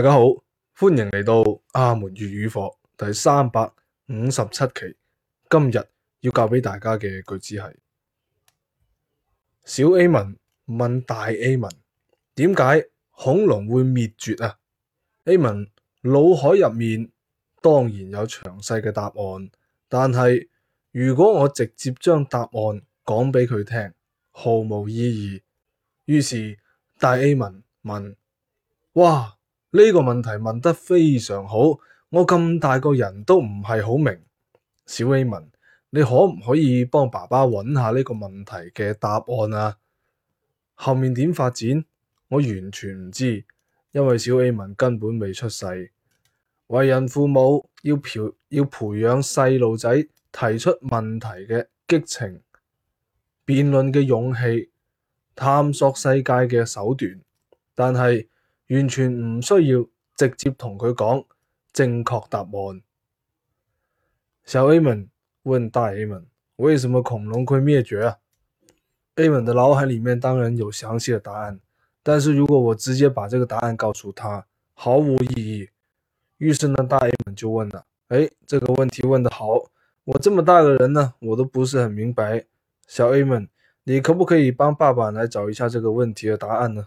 大家好，歡迎嚟到阿門粵語課第三百五十七期。今日要教俾大家嘅句子係：小 A 文問大 A 文，點解恐龍會滅絕啊？A 文腦海入面當然有詳細嘅答案，但係如果我直接將答案講俾佢聽，毫無意義。於是大 A 文問：哇！呢個問題問得非常好，我咁大個人都唔係好明。小 Amen，你可唔可以幫爸爸揾下呢個問題嘅答案啊？後面點發展？我完全唔知，因為小 Amen 根本未出世。為人父母要培要培養細路仔提出問題嘅激情、辯論嘅勇氣、探索世界嘅手段，但係，完全唔需要直接同佢講正確答案。小 Amen 問大 Amen：為什麼恐龍會滅絕啊？Amen 的腦海裏面當然有詳細的答案，但是如果我直接把這個答案告訴他，毫無意義。於是呢，大 Amen 就問了，誒，這個問題問得好，我這麼大個人呢，我都不是很明白。小 Amen，你可不可以幫爸爸來找一下這個問題的答案呢？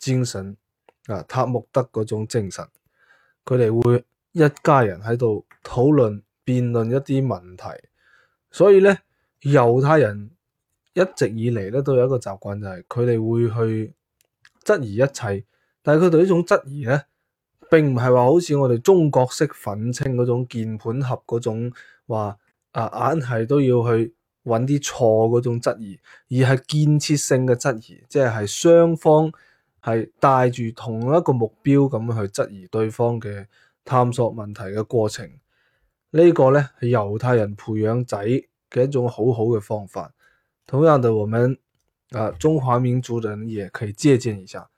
精神啊，塔木德嗰種精神，佢哋會一家人喺度討論辯論一啲問題，所以咧，猶太人一直以嚟咧都有一個習慣，就係佢哋會去質疑一切，但係佢哋呢種質疑咧，並唔係話好似我哋中國式憤青嗰種鍵盤俠嗰種話啊，硬係都要去揾啲錯嗰種質疑，而係建設性嘅質疑，即係係雙方。係帶住同一個目標咁去質疑對方嘅探索問題嘅過程，呢個呢，係猶太人培養仔嘅一種好好嘅方法。同樣的，我們、呃、中華民族人也可以借鑒一下。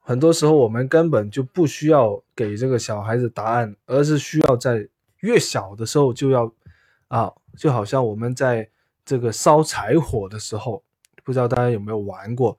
很多時候，我們根本就不需要給這個小孩子答案，而是需要在越小的時候就要啊，就好像我們在這個燒柴火的時候，不知道大家有沒有玩過？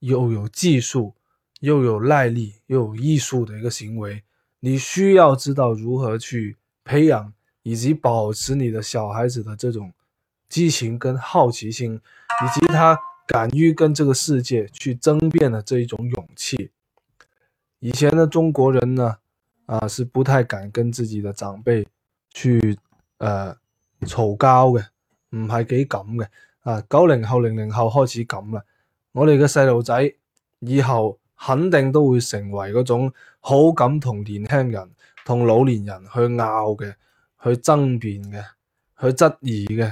又有技術，又有耐力，又有藝術的一個行為，你需要知道如何去培養以及保持你的小孩子的這種激情跟好奇心，以及他敢於跟這個世界去爭辯的這一種勇氣。以前的中國人呢，啊，是不太敢跟自己的長輩去，呃，吵交，嘅，唔係幾敢嘅，啊，九零後、零零後好奇咁啦。我哋嘅細路仔以後肯定都會成為嗰種好感同年輕人、同老年人去拗嘅、去爭辯嘅、去質疑嘅。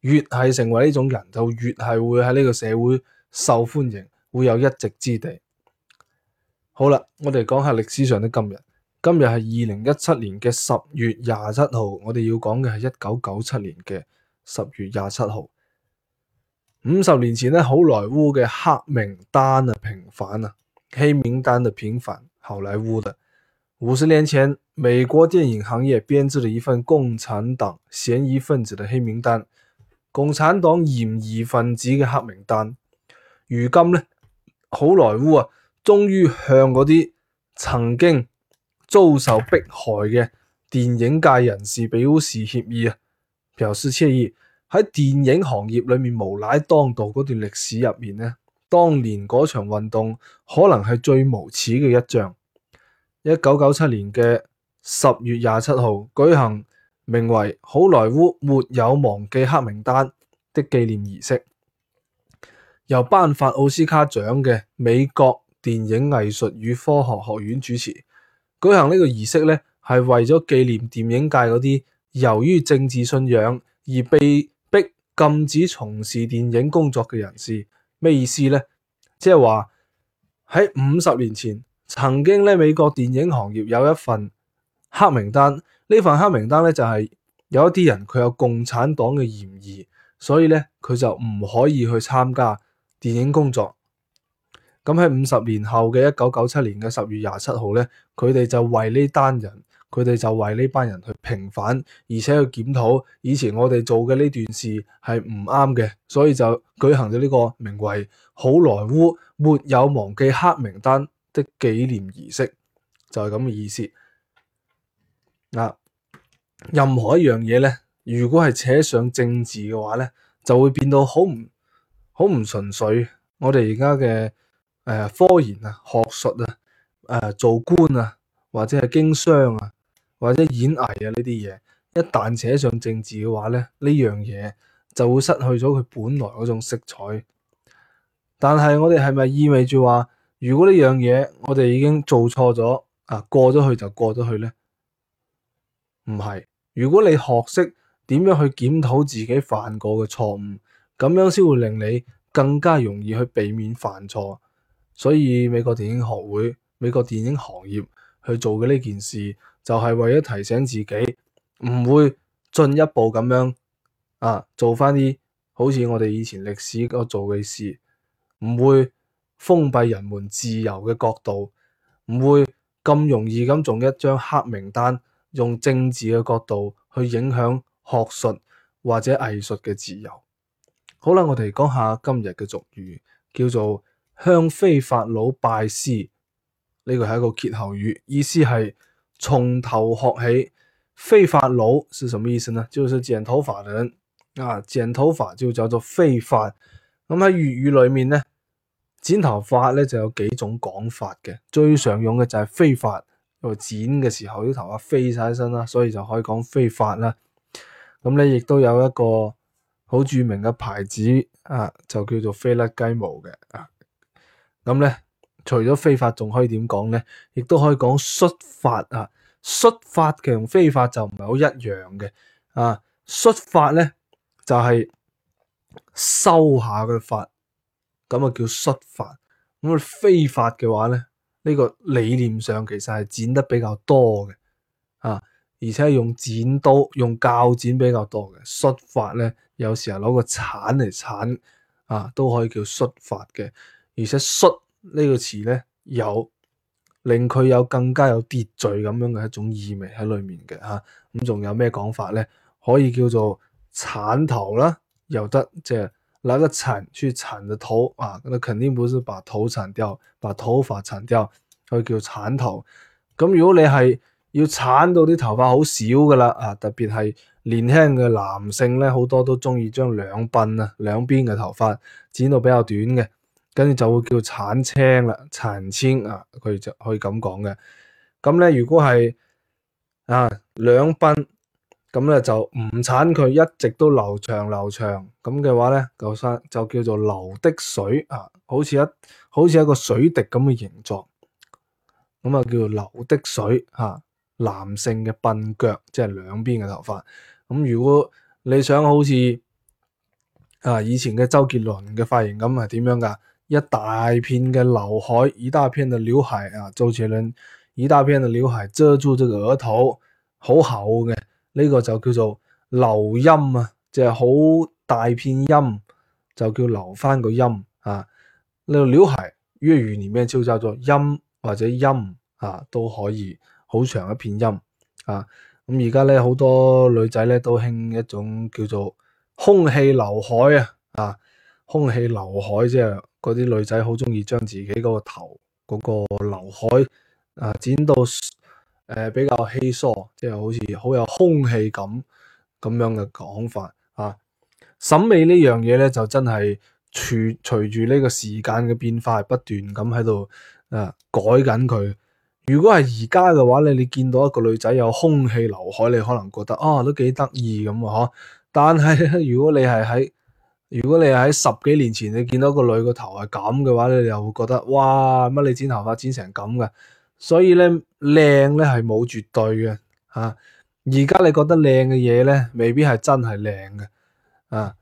越係成為呢種人，就越係會喺呢個社會受歡迎，會有一席之地。好啦，我哋講下歷史上的今日。今日係二零一七年嘅十月廿七號，我哋要講嘅係一九九七年嘅十月廿七號。五十年前呢，好萊塢嘅黑名單啊，平反啊，黑名單就平反好萊塢啦。五十年前，美國電影行業編製了一份共產黨嫌疑分子嘅黑名單，共產黨嫌疑分子嘅黑名單。如今呢，好萊塢啊，終於向嗰啲曾經遭受迫害嘅電影界人士表示歉意啊，表示歉意。喺電影行業裏面無賴當道嗰段歷史入面呢，當年嗰場運動可能係最無恥嘅一仗。一九九七年嘅十月廿七號舉行名為《好萊塢沒有忘記黑名單》的紀念儀式，由頒發奧斯卡獎嘅美國電影藝術與科學學院主持舉行呢個儀式呢，係為咗紀念電影界嗰啲由於政治信仰而被。禁止從事電影工作嘅人士，咩意思呢？即係話喺五十年前，曾經咧美國電影行業有一份黑名單，呢份黑名單咧就係有一啲人佢有共產黨嘅嫌疑，所以咧佢就唔可以去參加電影工作。咁喺五十年後嘅一九九七年嘅十月廿七號咧，佢哋就為呢單人。佢哋就為呢班人去平反，而且去檢討以前我哋做嘅呢段事係唔啱嘅，所以就舉行咗呢、這個名為《好萊塢沒有忘記黑名單》的紀念儀式，就係咁嘅意思。嗱、啊，任何一樣嘢咧，如果係扯上政治嘅話咧，就會變到好唔好唔純粹我。我哋而家嘅誒科研啊、學術啊、誒、呃、做官啊或者係經商啊。或者演藝啊呢啲嘢，一旦扯上政治嘅話呢，呢樣嘢就會失去咗佢本來嗰種色彩。但係我哋係咪意味住話，如果呢樣嘢我哋已經做錯咗啊，過咗去就過咗去呢？唔係，如果你學識點樣去檢討自己犯過嘅錯誤，咁樣先會令你更加容易去避免犯錯。所以美國電影學會、美國電影行業去做嘅呢件事，就係為咗提醒自己，唔會進一步咁樣啊做翻啲好似我哋以前歷史個做嘅事，唔會封閉人們自由嘅角度，唔會咁容易咁種一張黑名單，用政治嘅角度去影響學術或者藝術嘅自由。好啦，我哋講下今日嘅俗語，叫做向飛髮佬拜師，呢、這個係一個歇後語，意思係。從頭學起，飛發佬是什麼意思呢？就是剪頭髮的人啊，剪頭髮就叫做飛髮。咁喺粵語裏面呢，剪頭髮咧就有幾種講法嘅，最常用嘅就係飛髮，因為剪嘅時候啲頭髮飛晒身啦，所以就可以講飛髮啦。咁咧亦都有一個好著名嘅牌子啊，就叫做飛甩雞毛嘅啊。咁咧。除咗飛髮，仲可以點講咧？亦都可以講削髮啊！削髮嘅同飛髮就唔係好一樣嘅。啊，削髮咧就係、是、修下嘅髮，咁啊叫削髮。咁、嗯、飛髮嘅話咧，呢、這個理念上其實係剪得比較多嘅。啊，而且係用剪刀、用鉸剪比較多嘅。削髮咧有時候攞個鏟嚟鏟，啊都可以叫削髮嘅。而且削。呢個詞咧有令佢有更加有秩序咁樣嘅一種意味喺裡面嘅嚇，咁仲有咩講法咧？可以叫做鏟頭啦，有得即係攞個鏟去鏟個頭啊，那肯定本是把頭鏟掉，把頭髮鏟掉，佢叫鏟頭。咁如果你係要鏟到啲頭髮好少噶啦啊，特別係年輕嘅男性咧，好多都中意將兩鬢啊兩邊嘅頭髮剪到比較短嘅。跟住就會叫鏟青啦、殘青啊，佢就可以咁講嘅。咁咧，如果係啊兩鬢，咁咧就唔鏟佢一直都留長留長，咁嘅話咧，舊生就叫做流滴水啊，好似一好似一個水滴咁嘅形狀，咁啊叫做流滴水嚇、啊。男性嘅鬢腳即係兩邊嘅頭髮，咁、嗯、如果你想好似啊以前嘅周杰倫嘅髮型咁係點樣㗎？一大片嘅劉海，一大片嘅劉海啊，周杰倫一大片嘅劉海遮住呢個額頭，好厚嘅呢個就叫做留音啊，即係好大片音，就叫留翻個音啊。呢個劉海粵語裏面就叫做音或者音啊都可以，好長一片音啊。咁而家咧好多女仔咧都興一種叫做空氣劉海啊，啊，空氣劉海即係。嗰啲女仔好鍾意將自己嗰、嗰個頭嗰個劉海啊、呃、剪到誒、呃、比較稀疏，即係好似好有空氣感咁咁樣嘅講法啊。審美呢樣嘢咧，就真係隨住呢個時間嘅變化斷，係不斷咁喺度啊改緊佢。如果係而家嘅話咧，你見到一個女仔有空氣劉海，你可能覺得啊、哦、都幾得意咁啊呵。但係如果你係喺如果你喺十幾年前，你見到個女個頭係咁嘅話，你又會覺得哇乜你剪頭髮剪成咁嘅？所以咧，靚咧係冇絕對嘅嚇。啊、而家你覺得靚嘅嘢咧，未必係真係靚嘅啊。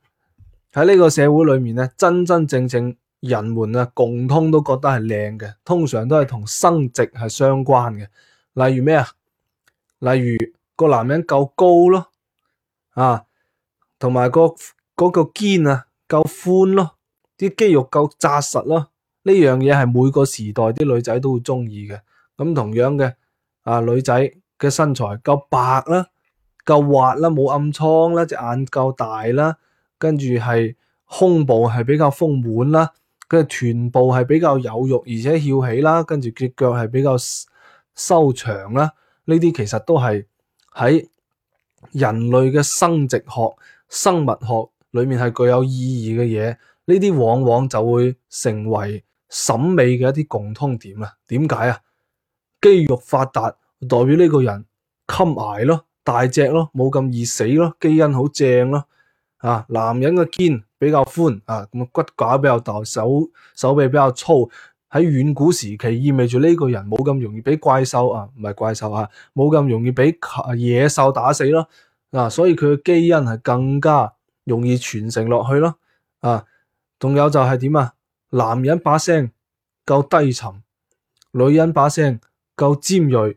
喺呢個社會裏面咧，真真正正人們啊共通都覺得係靚嘅，通常都係同生殖係相關嘅。例如咩啊？例如個男人夠高咯啊，同埋個。嗰個肩啊夠寬咯，啲肌肉夠紮實咯，呢樣嘢係每個時代啲女仔都會中意嘅。咁同樣嘅啊，女仔嘅身材夠白啦、啊，夠滑啦、啊，冇暗瘡啦、啊，隻眼夠大啦、啊，跟住係胸部係比較豐滿啦、啊，跟住臀部係比較有肉而且翹起啦、啊，跟住隻腳係比較修長啦、啊。呢啲其實都係喺人類嘅生殖學、生物學。裏面係具有意義嘅嘢，呢啲往往就會成為審美嘅一啲共通點啊。點解啊？肌肉發達代表呢個人襟捱咯，大隻咯，冇咁易死咯，基因好正咯。啊，男人嘅肩比較寬啊，咁骨架比較大，手手臂比較粗，喺遠古時期意味住呢個人冇咁容易俾怪獸啊，唔係怪獸啊，冇咁容易俾野獸打死咯。啊，所以佢嘅基因係更加。容易傳承落去咯，啊，仲有就係點啊？男人把聲夠低沉，女人把聲夠尖鋭，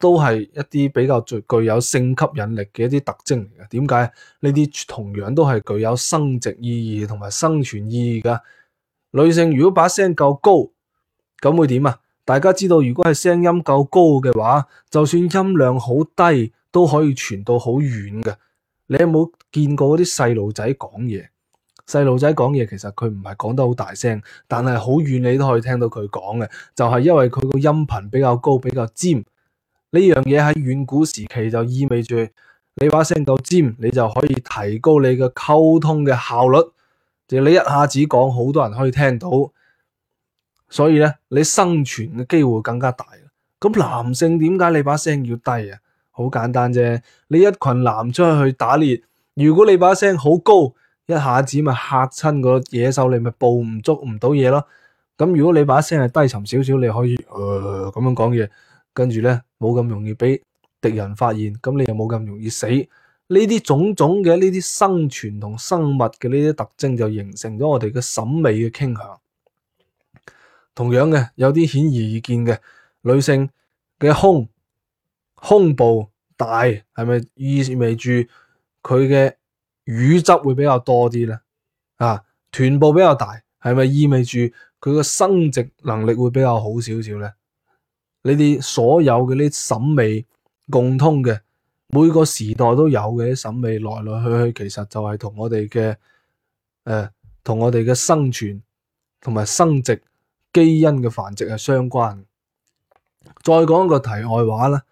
都係一啲比較具具有性吸引力嘅一啲特徵嚟嘅。點解呢啲同樣都係具有生殖意義同埋生存意義嘅？女性如果把聲夠高，咁會點啊？大家知道，如果係聲音夠高嘅話，就算音量好低，都可以傳到好遠嘅。你有冇見過嗰啲細路仔講嘢？細路仔講嘢其實佢唔係講得好大聲，但係好遠你都可以聽到佢講嘅，就係因為佢個音頻比較高，比較尖。呢樣嘢喺遠古時期就意味住你把聲夠尖，你就可以提高你嘅溝通嘅效率，即係你一下子講好多人可以聽到。所以咧，你生存嘅機會更加大。咁男性點解你把聲要低啊？好簡單啫，你一群男出去去打獵，如果你把聲好高，一下子咪嚇親個野獸，你咪捕唔捉唔到嘢咯。咁如果你把聲係低沉少少，你可以誒、呃、咁樣講嘢，跟住呢，冇咁容易俾敵人發現，咁你又冇咁容易死。呢啲種種嘅呢啲生存同生物嘅呢啲特徵，就形成咗我哋嘅審美嘅傾向。同樣嘅，有啲顯而易見嘅女性嘅胸。胸部大係咪意味住佢嘅乳汁會比較多啲呢？啊，臀部比較大係咪意味住佢嘅生殖能力會比較好少少呢？你哋所有嘅啲審美共通嘅，每個時代都有嘅啲審美來來去去，其實就係同我哋嘅誒，同、呃、我哋嘅生存同埋生殖，生殖基因嘅繁殖係相關。再講一個題外話啦。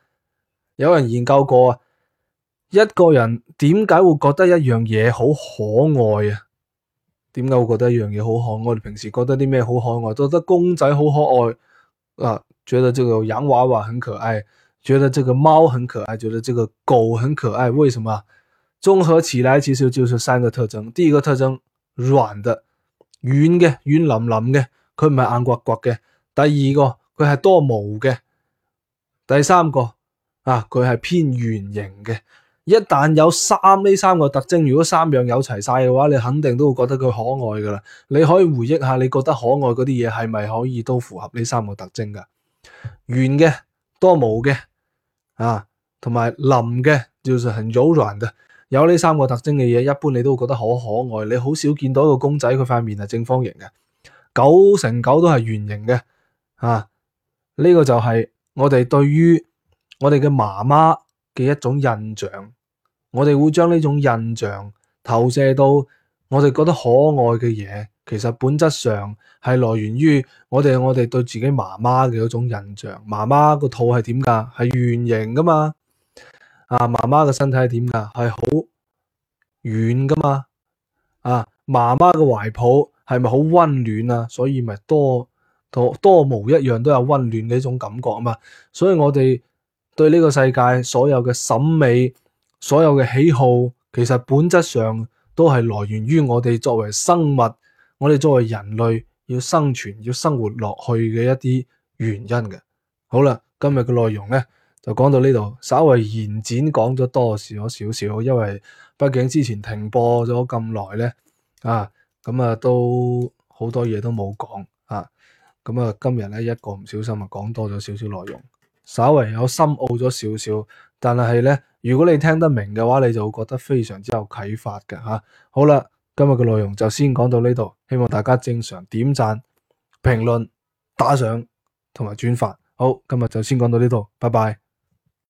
有人研究過啊，一個人點解會覺得一樣嘢好可愛啊？點解會覺得一樣嘢好可愛？我哋平時覺得啲咩好可愛，覺得公仔好可愛啊，覺得這個洋娃娃很可愛，覺得這個貓很可愛，覺得這個狗很可愛。為什麼？綜合起來，其實就是三個特徵。第一個特徵，軟嘅、軟嘅、軟軟嘅，佢唔係硬骨骨嘅。第二個，佢係多毛嘅。第三個。啊！佢係偏圓形嘅，一旦有三呢三個特徵，如果三樣有齊晒嘅話，你肯定都會覺得佢可愛噶啦。你可以回憶下，你覺得可愛嗰啲嘢係咪可以都符合呢三個特徵噶？圓嘅、多毛嘅啊，同埋林嘅，叫做好柔軟嘅，有呢三個特徵嘅嘢，一般你都會覺得好可愛。你好少見到一個公仔，佢塊面係正方形嘅，九成九都係圓形嘅。啊，呢個就係我哋對於。我哋嘅媽媽嘅一種印象，我哋會將呢種印象投射到我哋覺得可愛嘅嘢，其實本質上係來源於我哋我哋對自己媽媽嘅嗰種印象。媽媽個肚係點噶？係圓形噶嘛？啊，媽媽嘅身體係點噶？係好軟噶嘛？啊，媽媽嘅懷抱係咪好溫暖啊？所以咪多多多一樣都有溫暖嘅呢種感覺嘛？所以我哋。對呢個世界所有嘅審美，所有嘅喜好，其實本質上都係來源於我哋作為生物，我哋作為人類要生存、要生活落去嘅一啲原因嘅。好啦，今日嘅內容咧就講到呢度，稍為延展講咗多，少少少，因為畢竟之前停播咗咁耐咧，啊，咁啊都好多嘢都冇講啊，咁啊，啊今日咧一個唔小心啊講多咗少少內容。稍微有深奧咗少少，但係咧，如果你聽得明嘅話，你就會覺得非常之有啟發嘅吓，啊。好啦，今日嘅內容就先講到呢度，希望大家正常點讚、評論、打賞同埋轉發。好，今日就先講到呢度，拜拜。